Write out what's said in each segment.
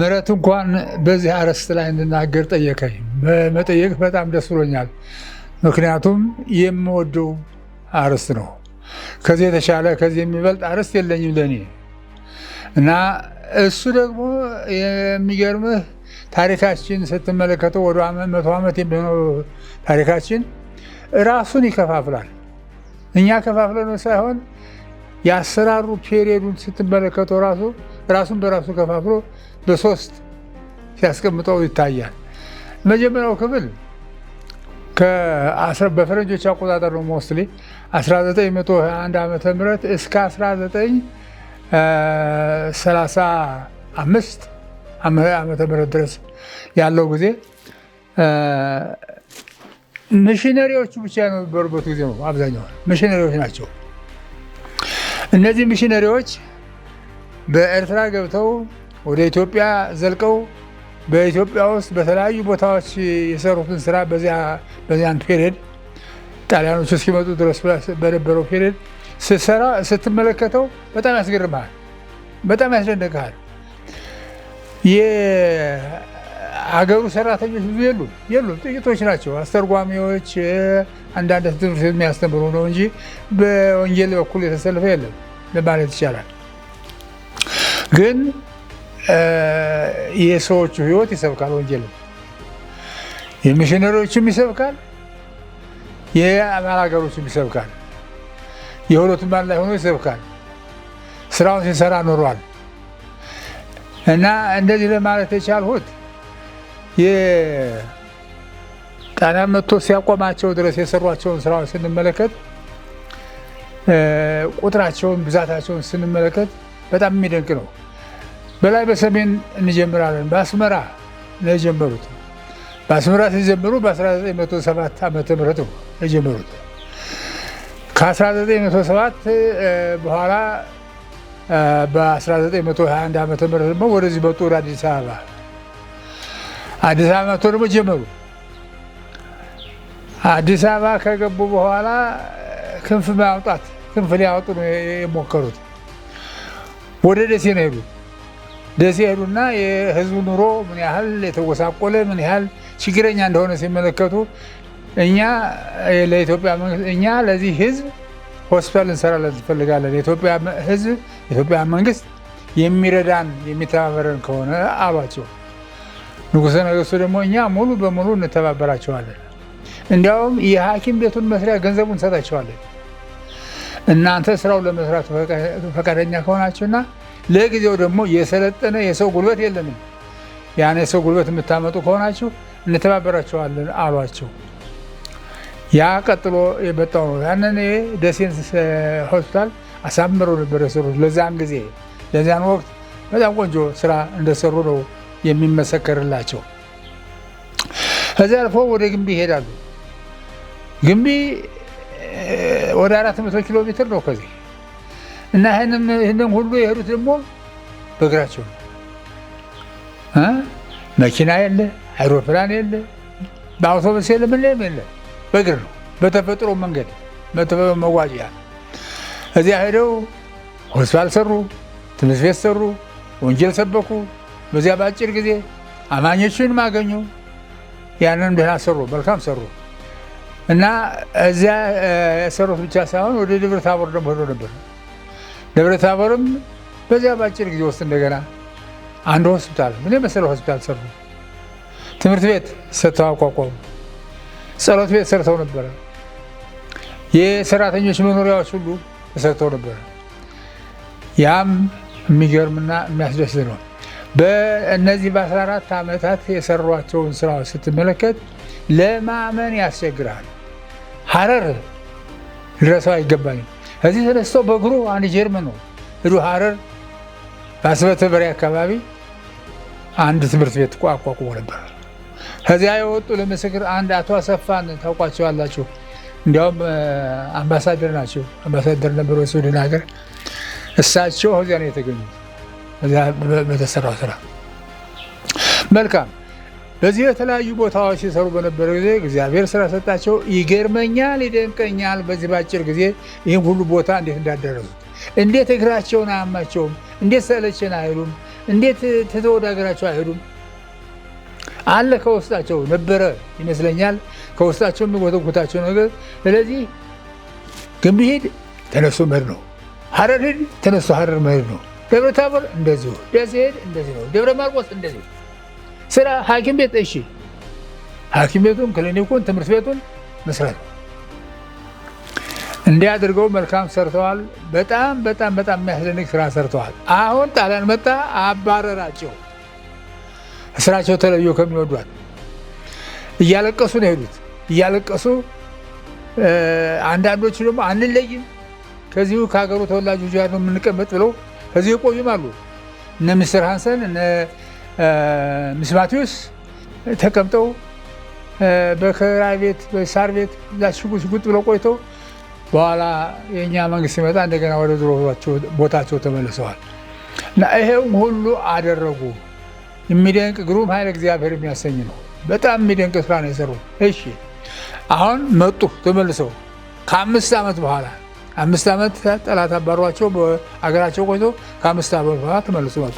ምረት እንኳን በዚህ አርዕስት ላይ እንድናገር ጠየቀኝ። በመጠየቅ በጣም ደስ ብሎኛል። ምክንያቱም የምወደው አርዕስት ነው። ከዚህ የተሻለ ከዚህ የሚበልጥ አርዕስት የለኝም ለእኔ እና እሱ ደግሞ የሚገርምህ ታሪካችን ስትመለከተው ወደ መቶ ዓመት የሚሆነው ታሪካችን ራሱን ይከፋፍላል። እኛ ከፋፍለ ሳይሆን የአሰራሩ ፔሪዱን ስትመለከተው ራሱ ራሱን በራሱ ከፋፍሎ በሶስት ሲያስቀምጠው ይታያል። መጀመሪያው ክፍል በፈረንጆች አቆጣጠር ነው ሞስትሊ 1921 ዓመተ ምህረት እስከ 1935 ዓመተ ምህረት ድረስ ያለው ጊዜ ሚሽነሪዎቹ ብቻ የነበሩበት ጊዜ ነው። አብዛኛው ሚሽነሪዎች ናቸው። እነዚህ ሚሽነሪዎች በኤርትራ ገብተው ወደ ኢትዮጵያ ዘልቀው በኢትዮጵያ ውስጥ በተለያዩ ቦታዎች የሰሩትን ስራ በዚያን ፔሪድ ጣሊያኖች እስኪመጡ ድረስ በነበረው ፔሪድ ስትሰራ ስትመለከተው በጣም ያስገርምሃል፣ በጣም ያስደነቅሃል። የሀገሩ ሰራተኞች ብዙ የሉ የሉ ጥቂቶች ናቸው። አስተርጓሚዎች፣ አንዳንድ ትምህርት የሚያስተምሩ ነው እንጂ በወንጌል በኩል የተሰለፈ የለም ለማለት ይቻላል ግን የሰዎቹ ህይወት ይሰብካል። ወንጌል የሚሽነሪዎችም ይሰብካል፣ ሀገሮችም ይሰብካል፣ የሁለቱም አንድ ላይ ሆኖ ይሰብካል። ስራውን ሲሰራ ኖሯል እና እንደዚህ ለማለት የቻልሁት ጣሊያን መጥቶ ሲያቆማቸው ድረስ የሰሯቸውን ስራውን ስንመለከት ቁጥራቸውን፣ ብዛታቸውን ስንመለከት በጣም የሚደንቅ ነው። በላይ በሰሜን እንጀምራለን። በአስመራ ነው የጀመሩት። በአስመራ ሲጀምሩ በ1907 ዓ ም ነው የጀመሩት። ከ1907 በኋላ በ1921 ዓ ም ደግሞ ወደዚህ መጡ። ወደ አዲስ አበባ አዲስ አበባ መጥቶ ደግሞ ጀመሩ። አዲስ አበባ ከገቡ በኋላ ክንፍ ማውጣት ክንፍ ሊያወጡ ነው የሞከሩት። ወደ ደሴ ነው ሄዱት። ደሴ ሄዱና የህዝቡ ኑሮ ምን ያህል የተጎሳቆለ ምን ያህል ችግረኛ እንደሆነ ሲመለከቱ እኛ ለኢትዮጵያ መንግስት እኛ ለዚህ ህዝብ ሆስፒታል እንሰራለን እንፈልጋለን። የኢትዮጵያ ህዝብ የኢትዮጵያ መንግስት የሚረዳን የሚተባበረን ከሆነ አሏቸው። ንጉሰ ነገስቱ ደግሞ እኛ ሙሉ በሙሉ እንተባበራቸዋለን፣ እንዲያውም የሐኪም ቤቱን መስሪያ ገንዘቡን እንሰጣቸዋለን እናንተ ስራውን ለመስራት ፈቃደኛ ከሆናችሁና ለጊዜው ደግሞ የሰለጠነ የሰው ጉልበት የለንም። ያን የሰው ጉልበት የምታመጡ ከሆናችሁ እንተባበራችኋለን አሏቸው። ያ ቀጥሎ የመጣው ነው። ያንን ደሴን ሆስፒታል አሳምረው ነበር የሰሩት። ለዚያን ጊዜ ለዚያን ወቅት በጣም ቆንጆ ስራ እንደሰሩ ነው የሚመሰከርላቸው። ከዚያ አልፎ ወደ ግንቢ ይሄዳሉ። ግንቢ ወደ አራት መቶ ኪሎ ሜትር ነው ከዚህ እና ይህንን ሁሉ የሄዱት ደግሞ በእግራቸው መኪና የለ፣ አይሮፕላን የለ፣ በአውቶቡስ የለ፣ ምን የለ፣ በእግር ነው። በተፈጥሮ መንገድ መጓዣ እዚያ ሄደው ሆስፒታል ሰሩ፣ ትምህርት ቤት ሰሩ፣ ወንጌል ሰበኩ። በዚያ በአጭር ጊዜ አማኞችን አገኙ። ያንን ደህና ሰሩ፣ መልካም ሰሩ እና እዚያ የሰሩት ብቻ ሳይሆን ወደ ደብረ ታቦር ደግሞ ሄዶ ነበር። ደብረ ታቦርም በዚያ በአጭር ጊዜ ውስጥ እንደገና አንድ ሆስፒታል ምን የመሰለ ሆስፒታል ሰሩ። ትምህርት ቤት ሰጥተው አቋቋሙ። ጸሎት ቤት ሰርተው ነበረ። የሰራተኞች መኖሪያዎች ሁሉ ተሰርተው ነበረ። ያም የሚገርምና የሚያስደስት ነው። በእነዚህ በ14 ዓመታት የሰሯቸውን ስራዎች ስትመለከት ለማመን ያስቸግራል። ሀረር ልረሳው አይገባኝም። እዚህ ተነስቶ በእግሩ አንድ ጀርመን ነው ሂዱ ሀረር በአስበተ በሬ አካባቢ አንድ ትምህርት ቤት አቋቁሞ ነበር። ከዚያ የወጡ ለምስክር አንድ አቶ አሰፋን ታውቋቸዋላችሁ። እንዲያውም አምባሳደር ናቸው። አምባሳደር ነበሩ ስዊድን ሀገር። እሳቸው ከዚያ ነው የተገኙት በተሰራው ስራ መልካም ለዚህ የተለያዩ ቦታዎች ሲሰሩ በነበረ ጊዜ እግዚአብሔር ስራ ሰጣቸው። ይገርመኛል፣ ይደንቀኛል። በዚህ ባጭር ጊዜ ይህም ሁሉ ቦታ እንዴት እንዳደረሱት፣ እንዴት እግራቸውን አያማቸውም፣ እንዴት ሰለችን አይሉም፣ እንዴት ትተው ሀገራቸው አይሄዱም። አለ ከውስጣቸው ነበረ ይመስለኛል፣ ከውስጣቸው የሚጎተጉታቸው ነገር። ስለዚህ ግንብ ሂድ ተነሱ መድ ነው፣ ሀረር ሂድ ተነሱ ሀረር መድ ነው፣ ደብረ ታቦር እንደዚሁ፣ ደሴ እንደዚህ ነው፣ ደብረ ማርቆስ እንደዚህ ስራ ሐኪም ቤት እሺ፣ ሐኪም ቤቱን ክሊኒኩን፣ ትምህርት ቤቱን መስራት እንዲያድርገው መልካም ሰርተዋል። በጣም በጣም በጣም የሚያስደንቅ ስራ ሰርተዋል። አሁን ጣሊያን መጣ አባረራቸው። ስራቸው ተለዩ ከሚወዷት እያለቀሱ ነው ሄዱት እያለቀሱ አንዳንዶቹ ደግሞ አንለይም ከዚሁ ከሀገሩ ተወላጆች ጋር ነው የምንቀመጥ ብለው ከዚሁ የቆዩም አሉ እነ ሀንሰን ሃንሰን ምስ ማቴዎስ ተቀምጠው በክራ ቤት በሳር ቤት ሽጉጥ ብለው ቆይተው በኋላ የእኛ መንግስት ሲመጣ እንደገና ወደ ድሮ ቦታቸው ተመልሰዋል እና ይሄውም ሁሉ አደረጉ። የሚደንቅ ግሩም ኃይለ እግዚአብሔር የሚያሰኝ ነው። በጣም የሚደንቅ ስራ ነው የሰሩ። እሺ አሁን መጡ ተመልሰው ከአምስት ዓመት በኋላ አምስት ዓመት ጠላት አባሯቸው በአገራቸው ቆይቶ ከአምስት ዓመት በኋላ ተመልሶ መጡ።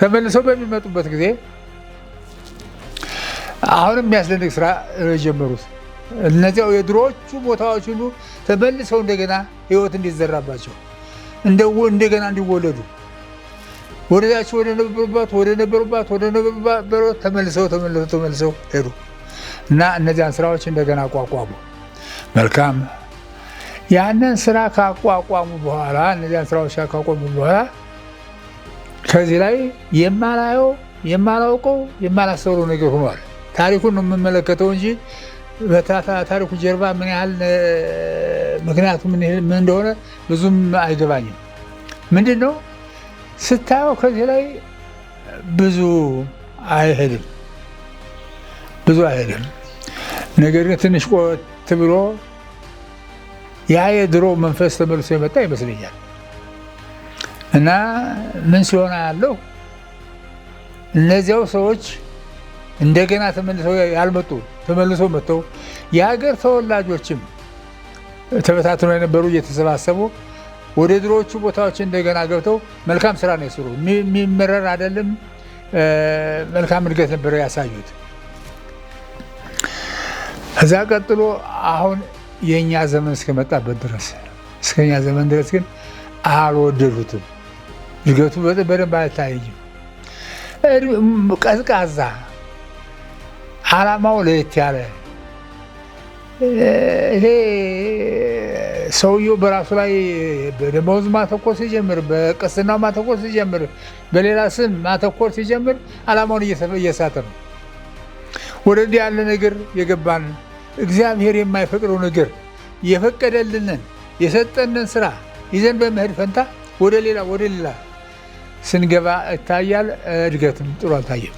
ተመልሰው በሚመጡበት ጊዜ አሁንም የሚያስደንቅ ስራ የጀመሩት እነዚያው የድሮዎቹ ቦታዎች ሁሉ ተመልሰው እንደገና ህይወት እንዲዘራባቸው እንደገና እንዲወለዱ ወደዛቸው ወደ ነበሩባት ወደ ነበሩባት ወደ ነበሩባት ተመልሰው ተመልሰው ተመልሰው ሄዱ እና እነዚያን ስራዎች እንደገና አቋቋሙ። መልካም ያንን ስራ ካቋቋሙ በኋላ እነዚያን ስራዎች ካቋቋሙ በኋላ ከዚህ ላይ የማላየው የማላውቀው የማላሰሩ ነገር ሆኗል። ታሪኩን ነው የምመለከተው እንጂ ታሪኩ ጀርባ ምን ያህል ምክንያቱ ምን እንደሆነ ብዙም አይገባኝም። ምንድን ነው ስታየው ከዚህ ላይ ብዙ አይሄድም ብዙ አይሄድም። ነገር ግን ትንሽ ቆት ብሎ ያ የድሮ መንፈስ ተመልሶ የመጣ ይመስለኛል። እና ምን ሲሆን ያለው እነዚያው ሰዎች እንደገና ተመልሰው ያልመጡ ተመልሰው መጥተው የሀገር ተወላጆችም ተበታትኖ የነበሩ እየተሰባሰቡ ወደ ድሮዎቹ ቦታዎች እንደገና ገብተው መልካም ስራ ነው የሰሩ። የሚመረር አይደለም፣ መልካም እድገት ነበረ ያሳዩት። ከዛ ቀጥሎ አሁን የእኛ ዘመን እስከመጣበት ድረስ እስከኛ ዘመን ድረስ ግን አልወደዱትም። እድገቱ በደንብ አልታየኝም። ቀዝቃዛ፣ አላማው ለየት ያለ እኔ ሰውየው በራሱ ላይ በደመወዝ ማተኮር ሲጀምር፣ በቅስናው ማተኮር ሲጀምር፣ በሌላ ስም ማተኮር ሲጀምር አላማውን እየሳተ ነው። ወደ እንዲህ ያለ ነገር የገባን እግዚአብሔር የማይፈቅደው ነገር የፈቀደልንን የሰጠንን ስራ ይዘን በመሄድ ፈንታ ወደ ሌላ ወደ ሌላ ስንገባ ይታያል። እድገትም ጥሩ አልታየም።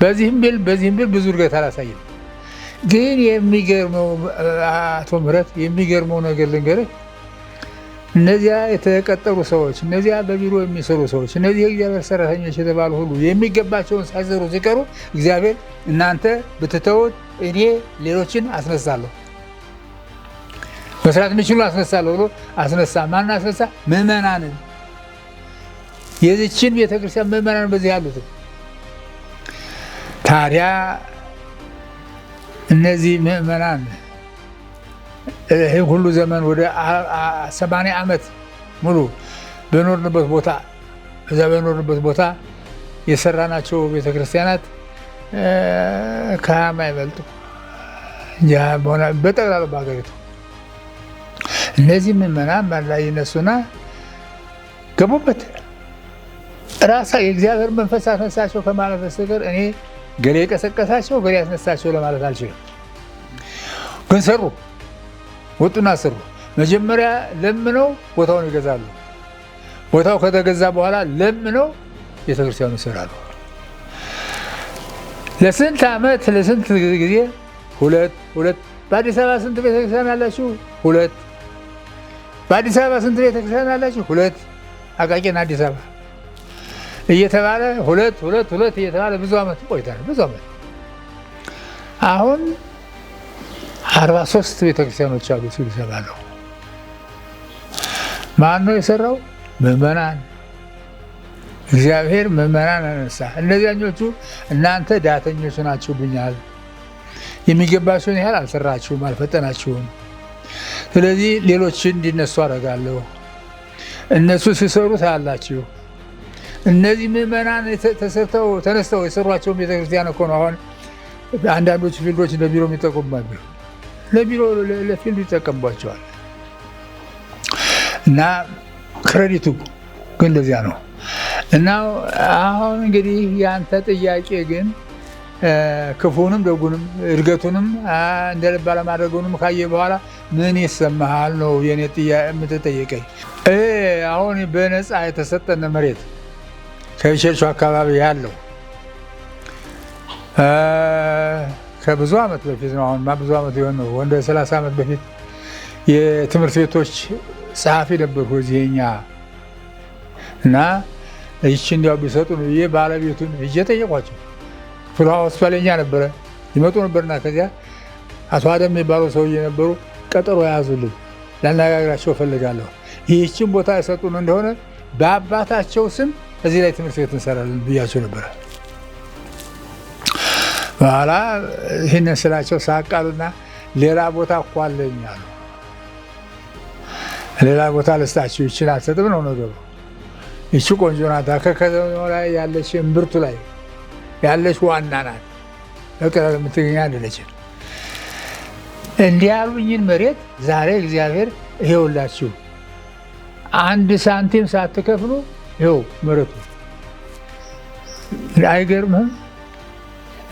በዚህም ቢል በዚህም ቢል ብዙ እድገት አላሳየም። ግን የሚገርመው አቶ ምህረት የሚገርመው ነገር ልንገርህ፣ እነዚያ የተቀጠሩ ሰዎች፣ እነዚያ በቢሮ የሚሰሩ ሰዎች፣ እነዚህ የእግዚአብሔር ሰራተኞች የተባሉ ሁሉ የሚገባቸውን ሳይዘሩ ሲቀሩ እግዚአብሔር እናንተ ብትተውት እኔ ሌሎችን አስነሳለሁ መስራት የሚችሉ አስነሳለሁ ብሎ አስነሳ። ማን አስነሳ? ምዕመናንን የዚችን ቤተ ክርስቲያን ምእመናን በዚህ ያሉትም ታዲያ እነዚህ ምእመናን ይህ ሁሉ ዘመን ወደ ሰማንያ ዓመት ሙሉ በኖርንበት ቦታ እዛ በኖርንበት ቦታ የሰራናቸው ቤተ ክርስቲያናት ከሀያም አይበልጡ በጠቅላላ በሀገሪቱ እነዚህ ምእመናን መላ ይነሱና ገቡበት። ራሳ የእግዚአብሔር መንፈስ አስነሳቸው ከማለት በስተቀር እኔ ገሌ የቀሰቀሳቸው ገሌ ያስነሳቸው ለማለት አልችልም። ግን ሰሩ፣ ወጡና ሰሩ። መጀመሪያ ለምነው ቦታውን ይገዛሉ። ቦታው ከተገዛ በኋላ ለምነው ቤተክርስቲያኑ ይሰራሉ። ለስንት ዓመት ለስንት ጊዜ ሁለት ሁለት። በአዲስ አበባ ስንት ቤተክርስቲያን አላችሁ? ሁለት። በአዲስ አበባ ስንት ቤተክርስቲያን አላችሁ? ሁለት። አቃቂና አዲስ አበባ እየተባለ ሁለት ሁለት ሁለት እየተባለ ብዙ ዓመት ቆይታል። ብዙ ዓመት አሁን አርባ ሶስት ቤተክርስቲያኖች አሉ ሲሉ እሰማለሁ። ማን ነው የሰራው? ምዕመናን። እግዚአብሔር ምዕመናን አነሳ። እነዚያኞቹ እናንተ ዳተኞች ናችሁብኛል፣ የሚገባችሁን ያህል አልሰራችሁም፣ አልፈጠናችሁም። ስለዚህ ሌሎች እንዲነሱ አደርጋለሁ፣ እነሱ ሲሰሩ ታያላችሁ እነዚህ ምዕመናን ተሰርተው ተነስተው የሰሯቸውን ቤተክርስቲያን እኮ ነው። አሁን አንዳንዶች ፊልዶች ለቢሮ የሚጠቀሙባሉ፣ ለቢሮ ለፊልዱ ይጠቀምባቸዋል። እና ክሬዲቱ ግን እንደዚያ ነው። እና አሁን እንግዲህ ያንተ ጥያቄ ግን ክፉንም ደጉንም እድገቱንም እንደ ልብ አለማድረጉንም ካየ በኋላ ምን ይሰማሃል ነው የኔ የምትጠየቀኝ። አሁን በነፃ የተሰጠነ መሬት ከብቼሱ አካባቢ ያለው ከብዙ ዓመት በፊት ነው። አሁንማ ብዙ ዓመት የሆነ ነው። ወንደ 30 ዓመት በፊት የትምህርት ቤቶች ጸሐፊ ነበርኩ እዚህ የእኛ እና ይቺ እንዲያው ቢሰጡ ነው ብዬ ባለቤቱን እጀ ጠየቋቸው። ፍልሃ ሆስፒታል ነበረ ይመጡ ነበርና ከዚያ አቶ አደም የሚባለው ሰውዬ ነበሩ። ቀጠሮ የያዙልን ላነጋግራቸው እፈልጋለሁ። ይህችን ቦታ የሰጡን እንደሆነ በአባታቸው ስም እዚህ ላይ ትምህርት ቤት እንሰራለን ብያቸው ነበረ። በኋላ ይህንን ስላቸው ሳቃሉና ሌላ ቦታ እኮ አለኝ አሉ። ሌላ ቦታ ልስጣችሁ፣ ይችን አልሰጥም ነው ነገሩ። ይቺ ቆንጆ ናታ፣ ከከተማ ላይ ያለች እምብርቱ ላይ ያለች ዋና ናት። በቅረብ የምትገኝ አይደለችም። እንዲህ ያሉኝን መሬት ዛሬ እግዚአብሔር ይሄውላችሁ አንድ ሳንቲም ሳትከፍሉ ይኸው መሬቱ አይገርምም!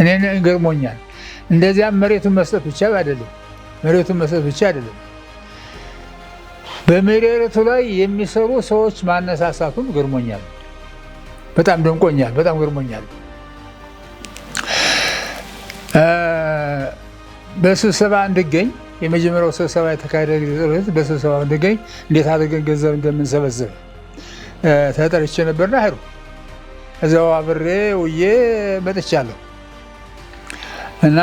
እኔ ገርሞኛል። እንደዚያም መሬቱን መስጠት ብቻ አይደለም፣ መሬቱን መስጠት ብቻ አይደለም፣ በመሬቱ ላይ የሚሰሩ ሰዎች ማነሳሳቱም ገርሞኛል። በጣም ደንቆኛል። በጣም ገርሞኛል። በስብሰባ እንድገኝ የመጀመሪያው ስብሰባ የተካሄደ ጊዜ በስብሰባ እንድገኝ እንዴት አድርገን ገንዘብ እንደምንሰበስብ ተጠርቼ ነበርና ሄዱ። እዛው አብሬ ውዬ መጥቻለሁ። እና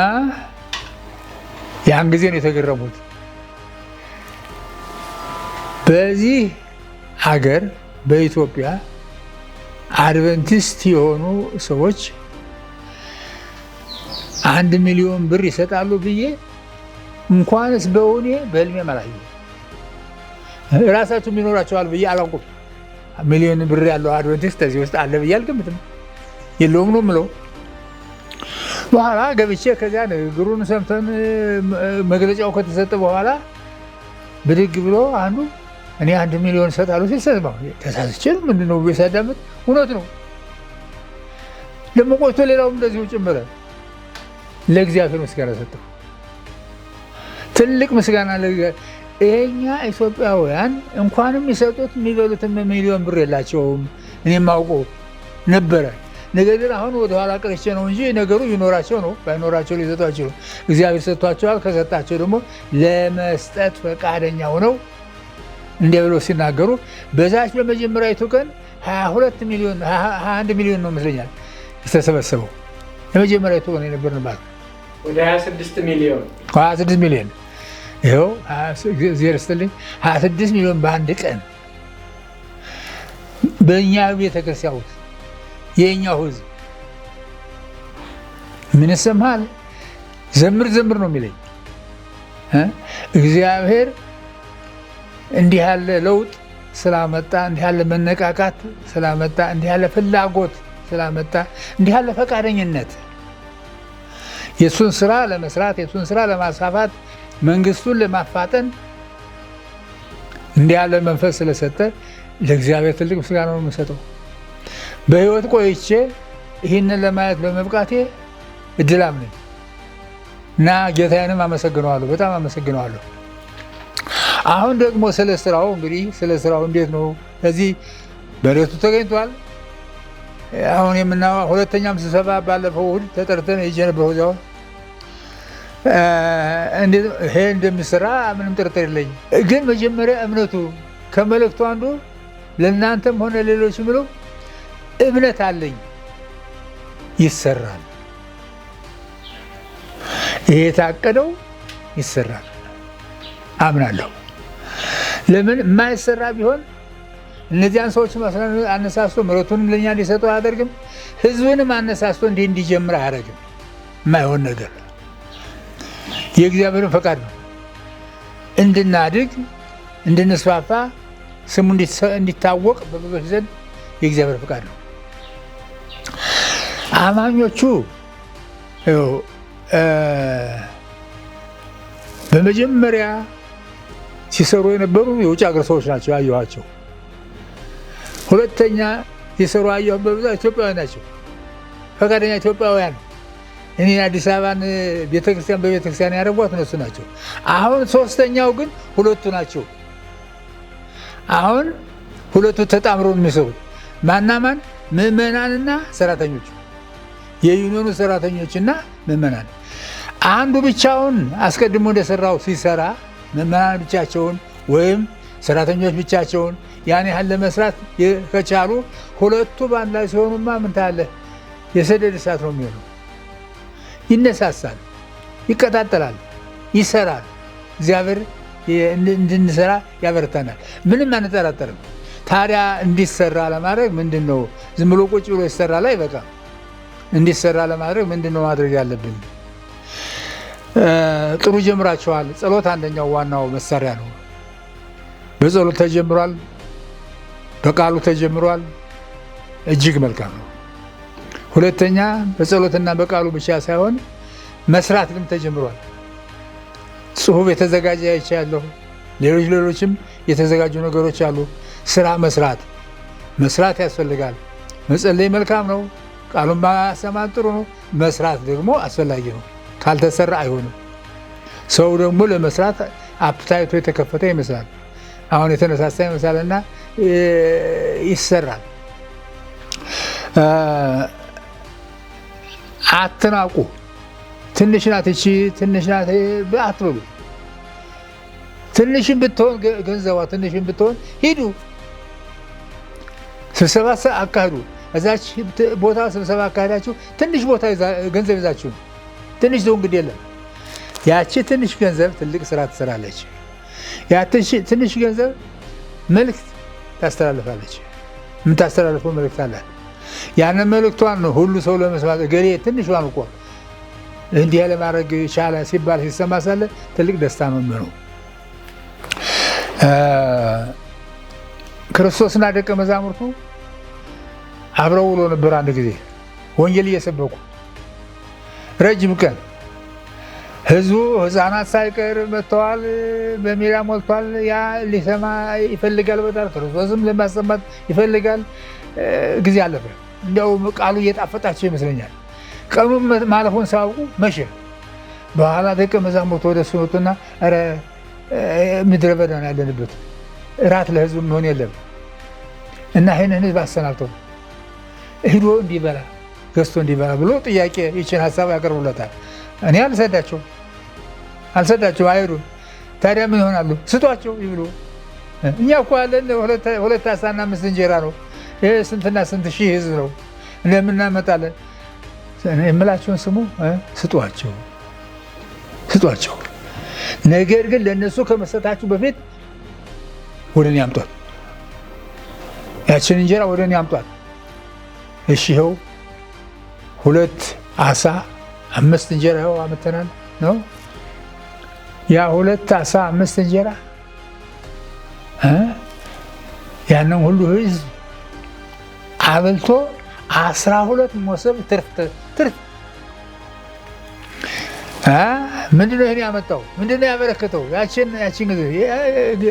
ያን ጊዜ ነው የተገረሙት። በዚህ ሀገር በኢትዮጵያ አድቨንቲስት የሆኑ ሰዎች አንድ ሚሊዮን ብር ይሰጣሉ ብዬ እንኳንስ በእውኔ በህልሜ መላዩ ራሳቸው ይኖራቸዋል ብዬ አላውቅም። ሚሊዮን ብር ያለው አድቨንቲስት እዚህ ውስጥ አለ ብዬ አልገምትም። የለውም ነው ምለው። በኋላ ገብቼ ከዚያ ንግግሩን ሰምተን መግለጫው ከተሰጠ በኋላ ብድግ ብሎ አንዱ እኔ አንድ ሚሊዮን እሰጣለሁ ሲል ሰማ። ተሳስቼ ነው ምንድን ነው ብዬ እውነት ነው። ደግሞ ቆይቶ ሌላውም እንደዚሁ ጭምረ ለእግዚአብሔር ምስጋና ሰጠው። ትልቅ ምስጋና ይሄኛ ኢትዮጵያውያን እንኳንም የሚሰጡት የሚበሉትም ሚሊዮን ብር የላቸውም። እኔም አውቆ ነበረ። ነገር ግን አሁን ወደኋላ ቀርቼ ነው እንጂ ነገሩ ይኖራቸው ነው ባይኖራቸው ሊሰጧቸው ነው። እግዚአብሔር ሰጥቷቸዋል። ከሰጣቸው ደግሞ ለመስጠት ፈቃደኛ ሆነው እንዲ ብሎ ሲናገሩ በዛች በመጀመሪያዊቱ ቀን 22 ሚሊዮን 21 ሚሊዮን ነው ይመስለኛል የተሰበሰበው። የመጀመሪያዊቱ ቀን የነበርንባት ወደ 26 ሚሊዮን 26 ሚሊዮን ይኸው እግዚአብሔር ይስጥልኝ፣ 26 ሚሊዮን በአንድ ቀን በእኛ ቤተክርስቲያን ውስጥ የእኛው ህዝብ ምን ይሰማሃል? ዘምር ዘምር ነው የሚለኝ። እግዚአብሔር እንዲህ ያለ ለውጥ ስላመጣ፣ እንዲህ ያለ መነቃቃት ስላመጣ፣ እንዲህ ያለ ፍላጎት ስላመጣ፣ እንዲህ ያለ ፈቃደኝነት የእሱን ስራ ለመስራት የእሱን ስራ ለማስፋፋት መንግስቱን ለማፋጠን እንዲህ ያለ መንፈስ ስለሰጠ ለእግዚአብሔር ትልቅ ምስጋና ነው የምሰጠው። በህይወት ቆይቼ ይህንን ለማየት በመብቃቴ እድላም ነኝ እና ጌታዬንም አመሰግነዋለሁ፣ በጣም አመሰግነዋለሁ። አሁን ደግሞ ስለ ስራው እንግዲህ ስለ ስራው እንዴት ነው ለዚህ መሬቱ ተገኝቷል። አሁን የምና ሁለተኛም ስብሰባ ባለፈው እሑድ ተጠርተን ሄጄ ነበር እዛው ይሄ እንደሚሰራ ምንም ጥርጥር የለኝ ግን መጀመሪያ እምነቱ ከመልእክቱ አንዱ ለእናንተም ሆነ ሌሎች ምሉ እምነት አለኝ ይሰራል። ይሄ የታቀደው ይሰራል አምናለሁ። ለምን የማይሰራ ቢሆን እነዚያን ሰዎች አነሳስቶ ምረቱንም ለእኛ እንዲሰጡ አያደርግም። ህዝብንም አነሳስቶ እንዲህ እንዲጀምር አያደርግም። የማይሆን ነገር የእግዚአብሔርን ፈቃድ ነው። እንድናድግ፣ እንድንስፋፋ፣ ስሙ እንዲታወቅ በብዙዎች ዘንድ የእግዚአብሔር ፈቃድ ነው። አማኞቹ በመጀመሪያ ሲሰሩ የነበሩ የውጭ ሀገር ሰዎች ናቸው ያየኋቸው። ሁለተኛ ሲሰሩ ያየሁ በብዛት ኢትዮጵያውያን ናቸው፣ ፈቃደኛ ኢትዮጵያውያን እኔ አዲስ አበባን ቤተክርስቲያን በቤተክርስቲያን ያደረጓት እነሱ ናቸው። አሁን ሶስተኛው ግን ሁለቱ ናቸው። አሁን ሁለቱ ተጣምሮ የሚሰሩት ማና ማን? ሰራተኞች፣ የዩኒዮኑ ሰራተኞችና ምእመናን አንዱ ብቻውን አስቀድሞ እንደሰራው ሲሰራ ምእመናን ብቻቸውን ወይም ሰራተኞች ብቻቸውን ያን ያህል ለመስራት ከቻሉ ሁለቱ በአንድ ላይ ሲሆኑማ ምን ታያለህ? የሰደድ እሳት ነው የሚሆነው። ይነሳሳል፣ ይቀጣጠላል፣ ይሰራል። እግዚአብሔር እንድንሰራ ያበረታናል። ምንም አንጠራጠርም። ታዲያ እንዲሰራ ለማድረግ ምንድን ነው? ዝም ብሎ ቁጭ ብሎ ይሰራ ላይ በቃ እንዲሰራ ለማድረግ ምንድን ነው ማድረግ ያለብን? ጥሩ ጀምራችኋል። ጸሎት አንደኛው ዋናው መሳሪያ ነው። በጸሎት ተጀምሯል፣ በቃሉ ተጀምሯል። እጅግ መልካም ነው። ሁለተኛ በጸሎትና በቃሉ ብቻ ሳይሆን መስራት ተጀምሯል። ጽሁፍ የተዘጋጀ አይቻለሁ። ሌሎች ሌሎችም የተዘጋጁ ነገሮች አሉ። ስራ መስራት መስራት ያስፈልጋል። መጸለይ መልካም ነው። ቃሉን ማሰማት ጥሩ ነው። መስራት ደግሞ አስፈላጊ ነው። ካልተሰራ አይሆንም። ሰው ደግሞ ለመስራት አፕታይቶ የተከፈተ ይመስላል። አሁን የተነሳሳ ይመስላልና ይሰራል። አትናቁ። ትንሽ ናት እቺ ትንሽ ናት አትበሉ። ትንሽም ብትሆን ገንዘቧ ትንሽም ብትሆን ሂዱ፣ ስብሰባ አካሂዱ። እዛች ቦታ ስብሰባ አካሄዳችሁ ትንሽ ቦታ ገንዘብ ይዛችሁ ትንሽ ዘው እንግዲህ የለም። ያቺ ትንሽ ገንዘብ ትልቅ ስራ ትሰራለች። ትንሽ ገንዘብ መልክት ታስተላልፋለች። የምታስተላልፈው መልክት አላት። ያንን መልእክቷን ነው ሁሉ ሰው ለመስማት እገሌ ትንሿን እኮ እንዲህ ለማድረግ ቻለ ሲባል ሲሰማ ሳለ ትልቅ ደስታ መምኑ ክርስቶስና ደቀ መዛሙርቱ አብረው ውሎ ነበር። አንድ ጊዜ ወንጌል እየሰበኩ ረጅም ቀን ህዝቡ ህፃናት ሳይቀር መጥተዋል። በሜዳ ሞልቷል። ያ ሊሰማ ይፈልጋል በጣም ክርስቶስም ለማሰማት ይፈልጋል። ጊዜ አለፈ። እንደው ቃሉ እየጣፈጣቸው ይመስለኛል። ቀኑ ማለፉን ሳያውቁ መሸ። በኋላ ደቀ መዛሙርት ወደ እሱ መጡና ኧረ ምድረ በዳ ያለንበት፣ እራት ለህዝብ መሆን የለም እና ይህንን ህዝብ አሰናብተው ሂዶ እንዲበላ ገዝቶ እንዲበላ ብሎ ጥያቄ ይችን ሀሳብ ያቀርቡለታል። እኔ አልሰዳቸው አልሰዳቸው አይሄዱም። ታዲያ ምን ይሆናሉ? ስጧቸው ይብሉ። እኛ እኮ ያለን ሁለት ሳና አምስት እንጀራ ነው ይህ ስንትና ስንት ሺህ ህዝብ ነው ለምናመጣለን የምላቸውን ስሙ ስጧቸው ስጧቸው። ነገር ግን ለእነሱ ከመስጠታችሁ በፊት ወደ እኔ አምጧት፣ ያችን እንጀራ ወደ እኔ አምጧት። እሺ ይኸው ሁለት አሳ አምስት እንጀራ ይኸው አምተናል ነው ያ ሁለት አሳ አምስት እንጀራ ያንን ሁሉ ህዝብ አብልቶ አስራ ሁለት ሞሰብ ትርፍ ትርፍ። ምንድነው ይህን ያመጣው? ምንድነው ያበረከተው? ያችን ያችን ጊዜ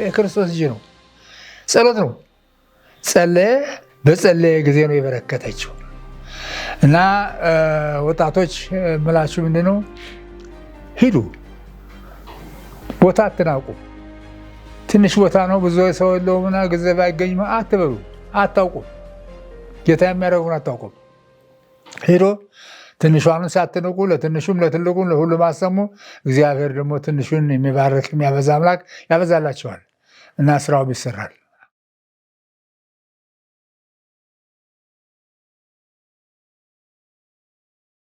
የክርስቶስ እጅ ነው፣ ጸሎት ነው። ጸለየ፣ በጸለየ ጊዜ ነው የበረከተችው። እና ወጣቶች ምላችሁ ምንድነው? ሂዱ፣ ቦታ አትናቁ። ትንሽ ቦታ ነው ብዙ ሰው የለውምና ገንዘብ አይገኝም አትበሉ፣ አታውቁም? ጌታ የሚያደርጉን አታውቁም። ሄዶ ትንሿንም ሳትንቁ ለትንሹም ለትልቁም ለሁሉም አሰሙ። እግዚአብሔር ደግሞ ትንሹን የሚባርክ የሚያበዛ አምላክ ያበዛላቸዋል እና ስራውም ይሰራል።